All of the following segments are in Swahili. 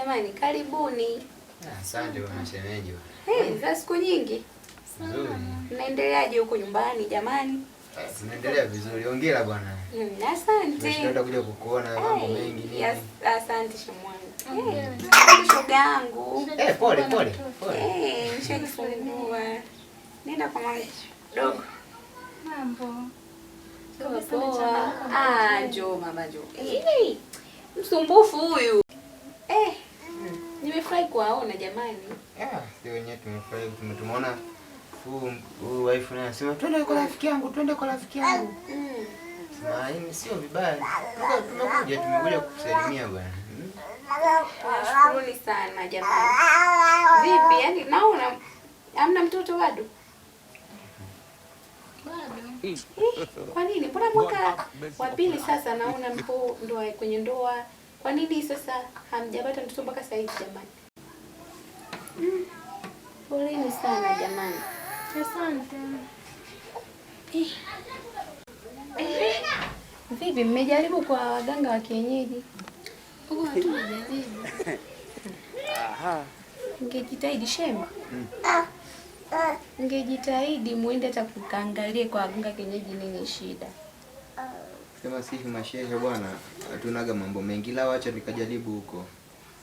jamani, karibuni. Asante bwana shemeji. Hey, za siku nyingi. Mnaendeleaje huko nyumbani jamani? Eh, tunaendelea vizuri. Hongera bwana. Mm, asante. Tunataka kuja kukuona mambo mengi nini. Asante shomwana. Mm. Hey, shoga yangu. Eh, pole pole. Pole. Eh, nishakufungua. Nenda kwa mama dogo. Mambo. Ah, njoo mama njoo. Msumbufu huyu tumefurahi kuwaona jamani. Yeah, sio wenyewe tumefurahi, tumeona huyu wife naye anasema twende kwa rafiki yangu, twende kwa rafiki yangu. Mm. sio vibaya. Tumekuja, tumekuja kukusalimia bwana. sana jamani. Vipi, yani naona hamna mtoto bado? Eh, kwa nini? Mbona mwaka wa pili sasa naona ndoa kwenye ndoa. Kwa nini sasa hamjapata mtoto mpaka sasa hivi jamani? Poleni sana jamani. Asante. Eh, eh. Vipi mmejaribu kwa waganga wa kienyeji? Huko hatujajaribu. Aha. Ngejitahidi shema. Mm. Ngejitahidi muende hata kukaangalie kwa waganga kienyeji nini shida. Sema sisi mashehe bwana, hatunaga mambo mengi la acha nikajaribu huko.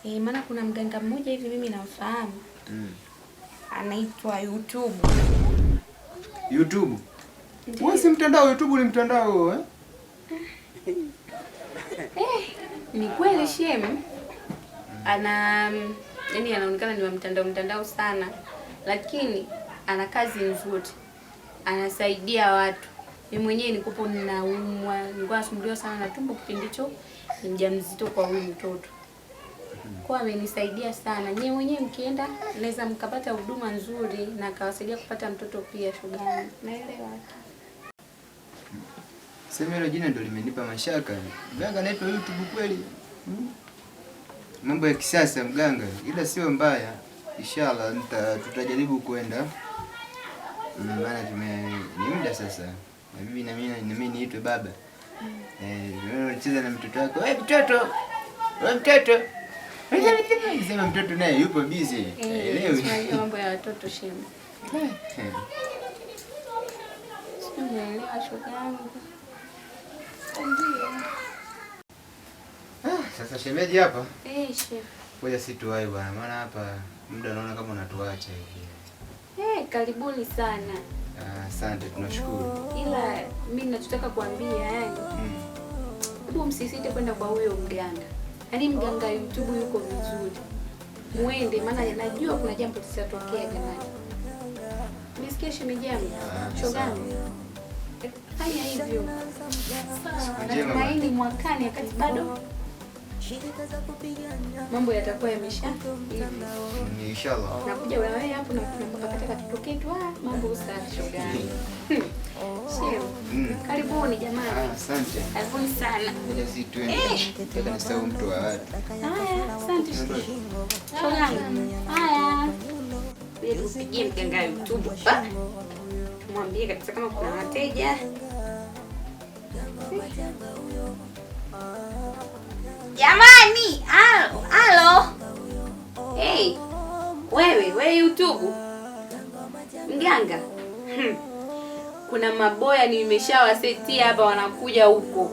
E, maana kuna mganga mmoja hivi mimi namfahamu mm. Anaitwa YouTube. YouTube? Wewe si mtandao, YouTube ni mtandao eh? Eh, eh ni kweli shemu ana yani, anaonekana ni wa mtandao mtandao sana, lakini ana kazi nzuri, anasaidia watu. Mimi mwenyewe nikupo naumwa, nilikuwa nasumbuliwa sana na tumbo kipindi hicho, ni mjamzito kwa huyu mtoto kwa amenisaidia sana. Nyewe mwenyewe mkienda naweza mkapata huduma nzuri na akawasaidia kupata mtoto pia shugani. Naelewa. Sema hilo jina ndio limenipa mashaka. Mganga anaitwa YouTube kweli? Hmm? Mambo ya kisasa mganga, ila sio mbaya. Inshallah tutajaribu kwenda. Hmm, maana tume ni muda sasa. Na mimi na mimi na mimi niitwe baba. Hmm. Eh, wewe unacheza na mtoto wako. Wewe mtoto. Wewe mtoto. Nikisema mtoto naye yupo busy. Elewi. Mambo ya watoto shemu. Sasa shemeji hapa? Eh, shemeji. Ngoja si bwana, maana hapa muda naona kama unatuacha hivi. Eh, karibuni sana. Asante, tunashukuru. Ila mimi ninachotaka kuambia yani, hebu msisite kwenda kwa huyo mganga. Yaani mganga YouTube yuko vizuri, mwende maana najua kuna jambo litatokea. Jamani, misikia shemejani, ah, shogani, fanya hivyo. Natumaini mwakani, wakati bado mambo yatakuwa yamesha hivi, nakuja wewe hapo na katika kitu kitu, ah, mambo usafi shogani. Mm. Karibuni jamani. Ah, asante. Karibuni sana. Upigie mganga mtubu mwambie kabisa kama kuna wateja jamani. Halo. Hey. Wewe, wewe utubu mganga. Hmm kuna maboya nimeshawasetia hapa, wanakuja huko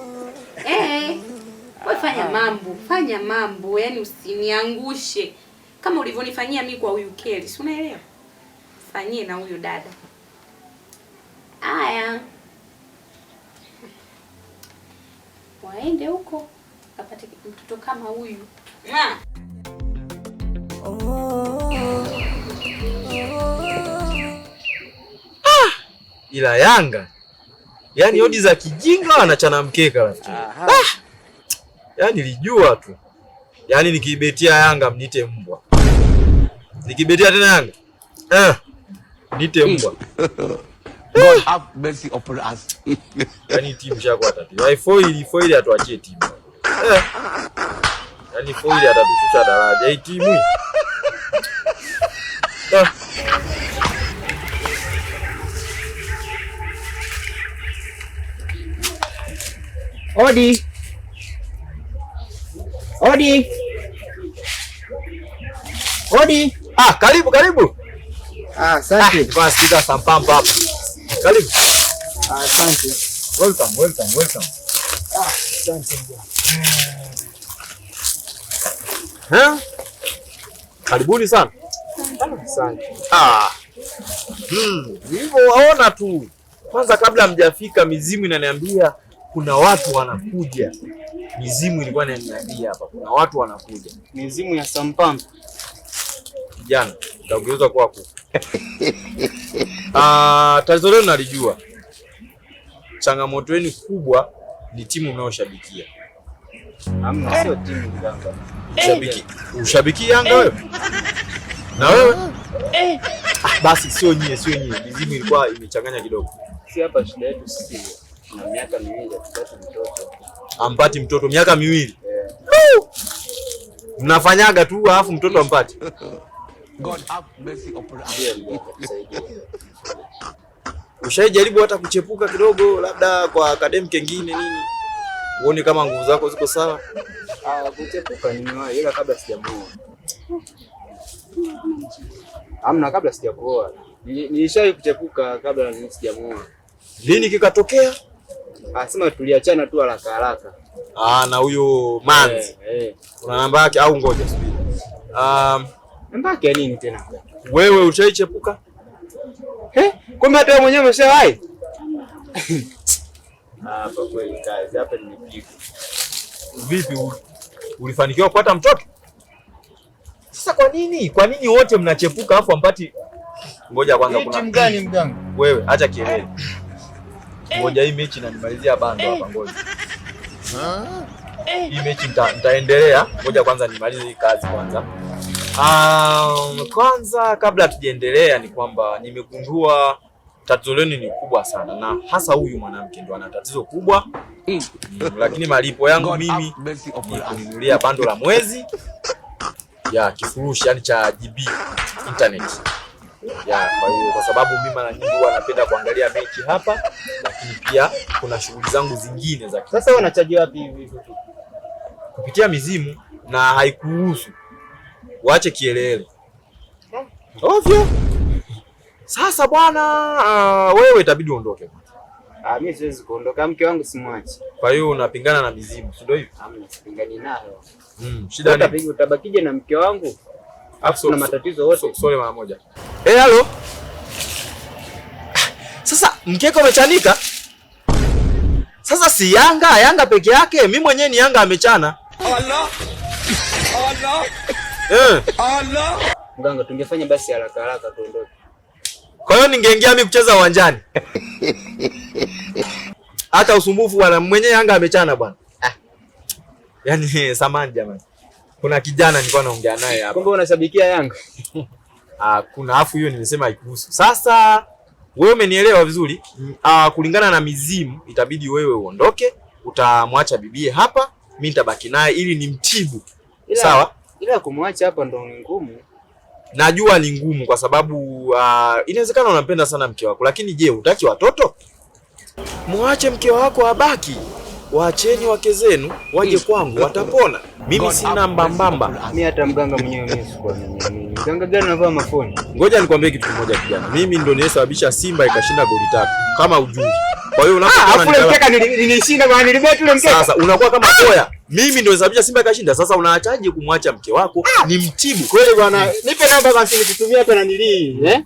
eh, wewe fanya ah. mambo, fanya mambo, yani usiniangushe kama ulivyonifanyia mimi kwa huyu Keli, si unaelewa? Fanyie na huyu dada. Haya, waende huko apate mtoto kama huyu. Oh. ila Yanga yani odi za kijinga anachana mkeka rafiki. Ah, yani nilijua tu yani nikibetia Yanga mnite mbwa, nikibetia tena Yanga eh, nite hmm. mbwa God have mercy upon us. Yani timu yako atatiwa. Yaani Ifoil foil atuachie timu. Eh. Yani foil atatushusha daraja. Hii timu. Odi, odi, odi. Ah, karibu karibu. Ah, asante. Ah, nasikiza sambamba hapa. Karibu. Ah, asante. Welcome, welcome, welcome. Ah, asante. Ha? Karibuni sana. Asante. Ah. Hmm, waona tu kwanza kabla mjafika mizimu inaniambia kuna watu wanakuja. Mizimu ilikuwa inaniambia hapa kuna watu wanakuja, mizimu ya sampampa. Kijana utageuza kwako. Ah, tatizo leo nalijua, changamoto yenu kubwa ni timu mnayoshabikia. sio timu Yanga. Ushabiki, ushabiki Yanga wewe na wewe eh. ah, basi, sio nyie, sio nyie. Mizimu ilikuwa imechanganya kidogo, si hapa shida yetu sisi miaka miwili mtoto. Ampati mtoto miaka miwili Mnafanyaga tu alafu mtoto ampati Ushaijaribu hata kuchepuka kidogo, labda kwa akademi kengine nini, uone kama nguvu zako ziko sawa? Ah, kuchepuka nimewahi, ila kabla sijamuoa. Amna, kabla sijakuoa nilishawahi kuchepuka, kabla sijamuoa. Lini kikatokea? Asema tuliachana tu haraka haraka. Ah, na huyo manzi Eh, hey. Eh. Una namba yake au ngoja subiri. Um, namba yake nini tena? Wewe ushaichepuka? Eh? Kumbe hata mwenyewe umeshawahi? Ah, kwa kweli kazi, hapa nimepigwa. Vipi ulifanikiwa kupata mtoto? Sasa kwa nini? Kwa nini wote mnachepuka afu ampati? Ngoja kwanza kuna. Timu gani mganga? Wewe acha kielele. Ngoja hii mechi nanimalizia bando hapa, ngoja hii mechi nitaendelea. Ngoja kwanza nimalize hii kazi kwanza. Um, kwanza kabla tujaendelea ni kwamba nimegundua tatizo leni ni kubwa sana, na hasa huyu mwanamke ndo ana tatizo kubwa mm. Lakini malipo yangu mimi ni kununulia bando la mwezi ya kifurushi, yani cha GB internet ya. Kwa hiyo kwa sababu mimi mara nyingi huwa napenda kuangalia mechi hapa, lakini pia kuna shughuli zangu zingine za sasa. Wanachaji wapi hivi kupitia mizimu na haikuhusu waache kielele ovyo. Sasa bwana, uh, wewe itabidi uondoke. Ah, mimi siwezi kuondoka, mke wangu simwachi. Kwa hiyo unapingana na mizimu, si ndio hivyo? Hamna, ah, sipingani nayo. Mm, shida ni utabakije na mke wangu? Afu na matatizo yote. Sore mara moja. Eh, halo. Sasa mkeka umechanika. Sasa si Yanga, Yanga peke yake. Mimi mwenyewe ni Yanga amechana. Allah. Allah. Eh. Allah. Mganga, tungefanya basi haraka haraka tuondoke. Kwa hiyo ningeingia mimi kucheza uwanjani. Hata usumbufu bwana, mwenye Yanga amechana bwana. Ah. Yaani, samani jamani. Kuna kijana nilikuwa naongea naye hapa. Kumbe unashabikia Yanga? uh, kuna afu hiyo nimesema haikuhusu. Sasa wewe umenielewa vizuri uh, kulingana na mizimu itabidi wewe uondoke, utamwacha bibie hapa, mimi nitabaki naye ili nimtibu. Ila, sawa ila kumwacha hapa ndo ngumu Najua ni ngumu kwa sababu uh, inawezekana unampenda sana mke wako, lakini je, utaki watoto? Mwache mke wako abaki waacheni wake zenu waje kwangu, watapona. Mimi sina mbambamba. Mimi hata mganga mwenyewe mimi sikuamini. Mganga gani anavaa mafoni? Ngoja nikwambie kitu kimoja kijana, mimi ndo niliyesababisha Simba ikashinda goli tatu kama ujui. Kwa hiyo ah, sasa unakuwa kama koya. Mimi ndio nisababisha Simba kashinda. Sasa unaachaje kumwacha mke wako ah! ni mtibu kweli bwana? Nipe namba basi nikutumie hapa na nili eh,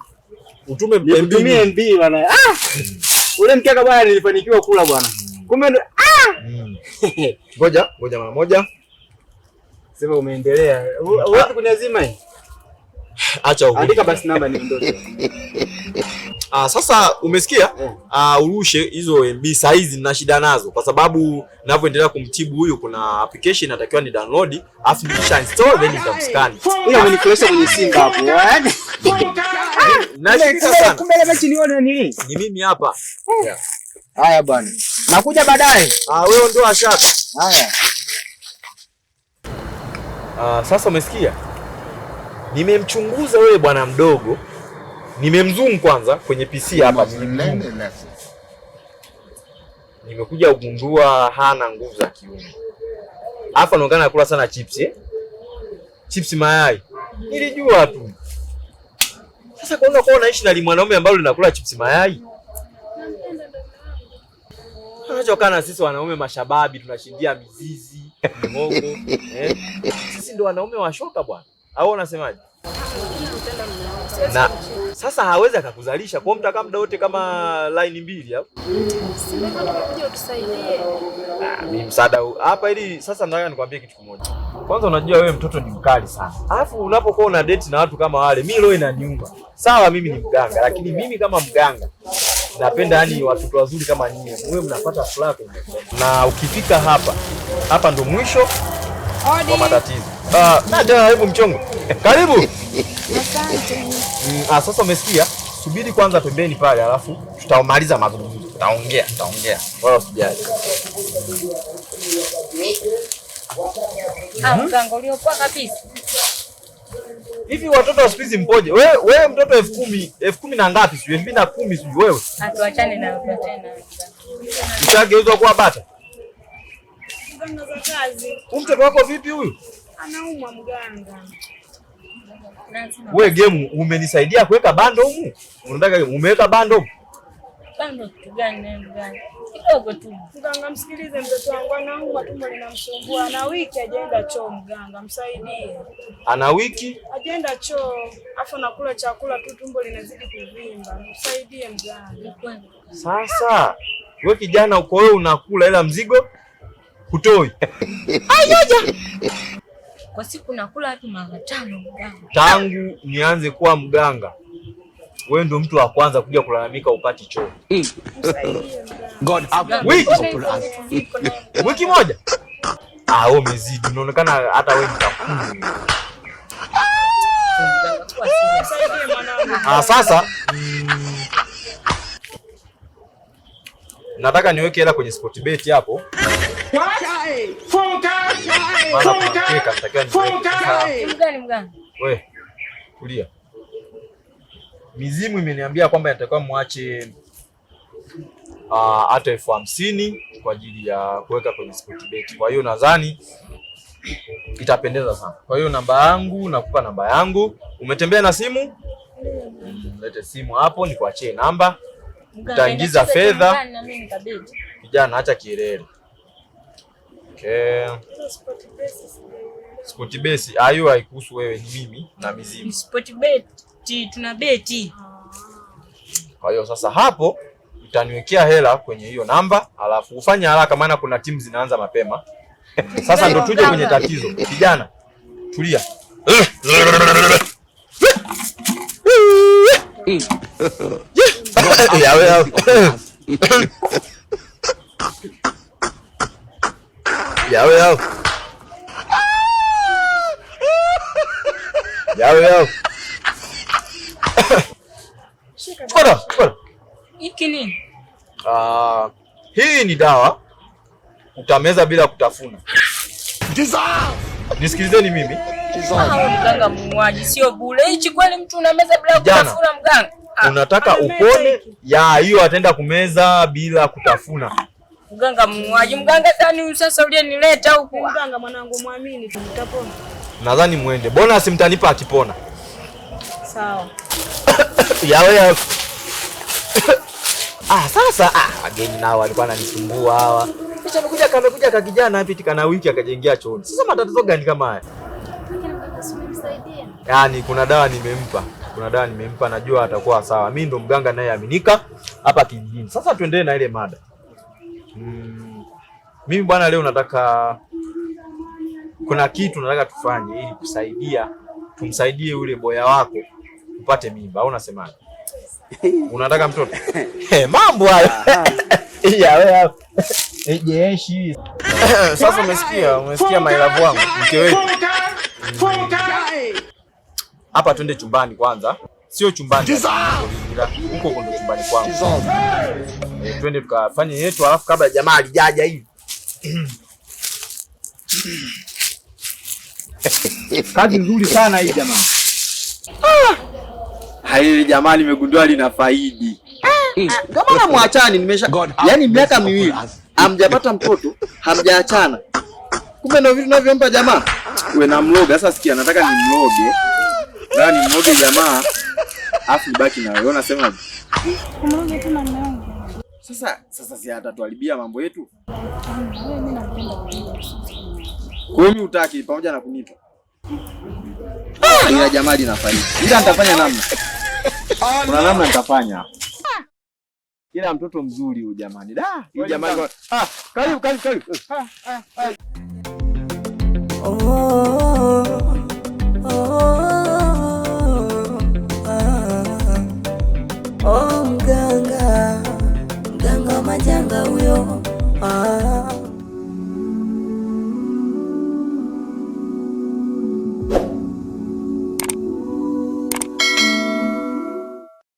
utume MB, mb bwana. Ah, ule mkeka bwana, nilifanikiwa kula bwana. Kumbe ndo ah! Mm. ngoja mm. ngoja, mara moja sema umeendelea. Ah. Huwezi kuniazima hii. Acha huko. Andika basi namba ni ndoto. Ah, sasa umesikia? yeah. Ah, urushe hizo MB saizi nina shida nazo kwa sababu ninavyoendelea kumtibu huyu kuna application natakiwa ni download, afu ni install then nitamscan. Ila amenicrasha kwenye simu hapo. Na sasa Kumbe mimi nione nini? Ni mimi hapa. Eh. Yeah. Haya bwana, nakuja baadaye. Ah, wewe ndio ashaka. Haya. Ah, sasa umesikia? Nimemchunguza wewe bwana mdogo, nimemzoom kwanza kwenye PC hapa, nimekuja kugundua hana nguvu za kiume, alafu anaonekana anakula sana chips eh? Chips mayai, nilijua tu. Sasa kuona kwa unaishi na mwanaume ambao linakula chips mayai Unachokaa na sisi wanaume mashababi tunashindia mizizi mongo eh. Sisi ndo wanaume washoka bwana, au unasemaje? Na sasa hawezi akakuzalisha kwa mtakaa muda wote kama line mbili au ah, mimi msaada hapa, ili sasa nataka nikwambie kitu kimoja. Kwanza unajua wewe mtoto ni mkali sana, alafu unapokuwa una date na watu kama wale, mimi leo inaniuma. Sawa, mimi ni mganga, lakini mimi kama mganga napenda yani watoto wazuri kama nyinyi, mwe mnapata furaha na ukifika hapa hapa ndo mwisho wa matatizo. Uh, ah, Nada, hebu mchongo, karibu mm, Ah, sasa umesikia? Subiri kwanza pembeni pale, alafu tutamaliza mazungumzo, tutaongea tutaongea, wala usijali. Ah, Mgango uliopoa kabisa. Hivi watoto wa siku hizi mkoje? Wewe wewe mtoto elfu kumi elfu kumi na ngapi sijui elfu mbili na kumi sijui wewe. Atuachane na tena. Ushageuzwa kuwa bata. Mtoto wako vipi huyu? Anaumwa mganga. Wewe game umenisaidia kuweka bando humu? Unataka umeweka bando humu? Kando kitu gani na gani? Kidogo tu. Mganga msikilize mtoto wangu anaumwa, tumbo linamsumbua. Ana wiki ajaenda choo mganga msaidie. Ana wiki? Ajaenda choo. Afa nakula chakula tu tumbo linazidi kuvimba. Msaidie mganga. Sasa wewe kijana uko wewe unakula ila mzigo hutoi. Ayoja. Kwa siku nakula hadi mara tano mganga. Tangu nianze kuwa mganga wewe ndio mtu wa kwanza kuja kulalamika upati choo. God wiki moja ah, wewe umezidi, unaonekana hata wewe mtafungu. Ah, sasa mm, nataka niweke hela kwenye sport bet hapo wewe kulia mizimu imeniambia kwamba natakiwa mwache hata uh, elfu hamsini kwa ajili ya kuweka kwenye bet. Kwa hiyo nadhani itapendeza sana. Kwa hiyo namba yangu, nakupa namba yangu. Umetembea na simu? Lete simu hapo, nikuachie namba, utaingiza fedha. Kijana, acha kielele. Okay. Sportbet, ayo haikuhusu wewe, ni mimi na mizimu. Sportbet beti, tuna beti. Kwa hiyo sasa hapo utaniwekea hela kwenye hiyo namba, alafu ufanye haraka, maana kuna timu zinaanza mapema. Sasa ndo tuje kwenye tatizo. Kijana tulia. yawe yawe yawe Bora, bora. Hiki nini? Ah, hii ni dawa utameza bila kutafuna. Nisikilizeni mimi. Ah, mganga muuaji sio bure. Hichi kweli mtu unameza bila kutafuna mganga? Ah. Unataka upone? Ya hiyo ataenda kumeza bila kutafuna. Mganga muuaji, mganga tani sasa nileta huku. Mganga mwanangu, muamini tu mtapona. Nadhani muende. Bona mtanipa akipona sawa. Yawe ya. Ah, sasa ah, wageni nao walikuwa wananisumbua hawa. Kisha amekuja kamekuja ka kijana hapi tikana wiki akajengia chooni. Sasa matatizo gani kama haya? Yaani kuna dawa nimempa. Kuna dawa nimempa, najua atakuwa sawa. Mimi ndo mganga naye aminika hapa kijijini. Sasa tuendelee na ile mada. Mm. Mimi bwana, leo nataka kuna kitu nataka tufanye ili kusaidia tumsaidie yule boya wako upate mimba au unasemaje? Unataka mtoto? Hey, eh, Mambo hayo. Ya wewe hapo. Eh, jeshi. Sasa umesikia, umesikia my love wangu, mke wetu. Hapa twende chumbani kwanza. Sio chumbani. Huko kondo chumbani kwangu. E, twende tukafanye yetu alafu kabla jamaa alijaja hivi. Kazi nzuri sana hii jamaa. Ah! Hili jamaa limegundua lina faidi. Ah, ah, ndio maana mwachani nimesha yani miaka miwili hamjapata mtoto, hamjaachana. Kumbe ndio vitu tunavyompa jamaa. Wewe na mloga sasa, sikia nataka ni mloge. Na ni mloge jamaa. Afu baki na wewe unasema. Mloge tu na mloge. Sasa sasa si atatuharibia mambo yetu. Kwa hiyo utaki pamoja na kunita. Ah! Ila jamaa linafanya. Ila nitafanya namna. Kuna ah, namna nitafanya. Ila mtoto mzuri huyu jamani. Da, huyu jamani. Ah, karibu karibu karibu. Ah, ah, oh.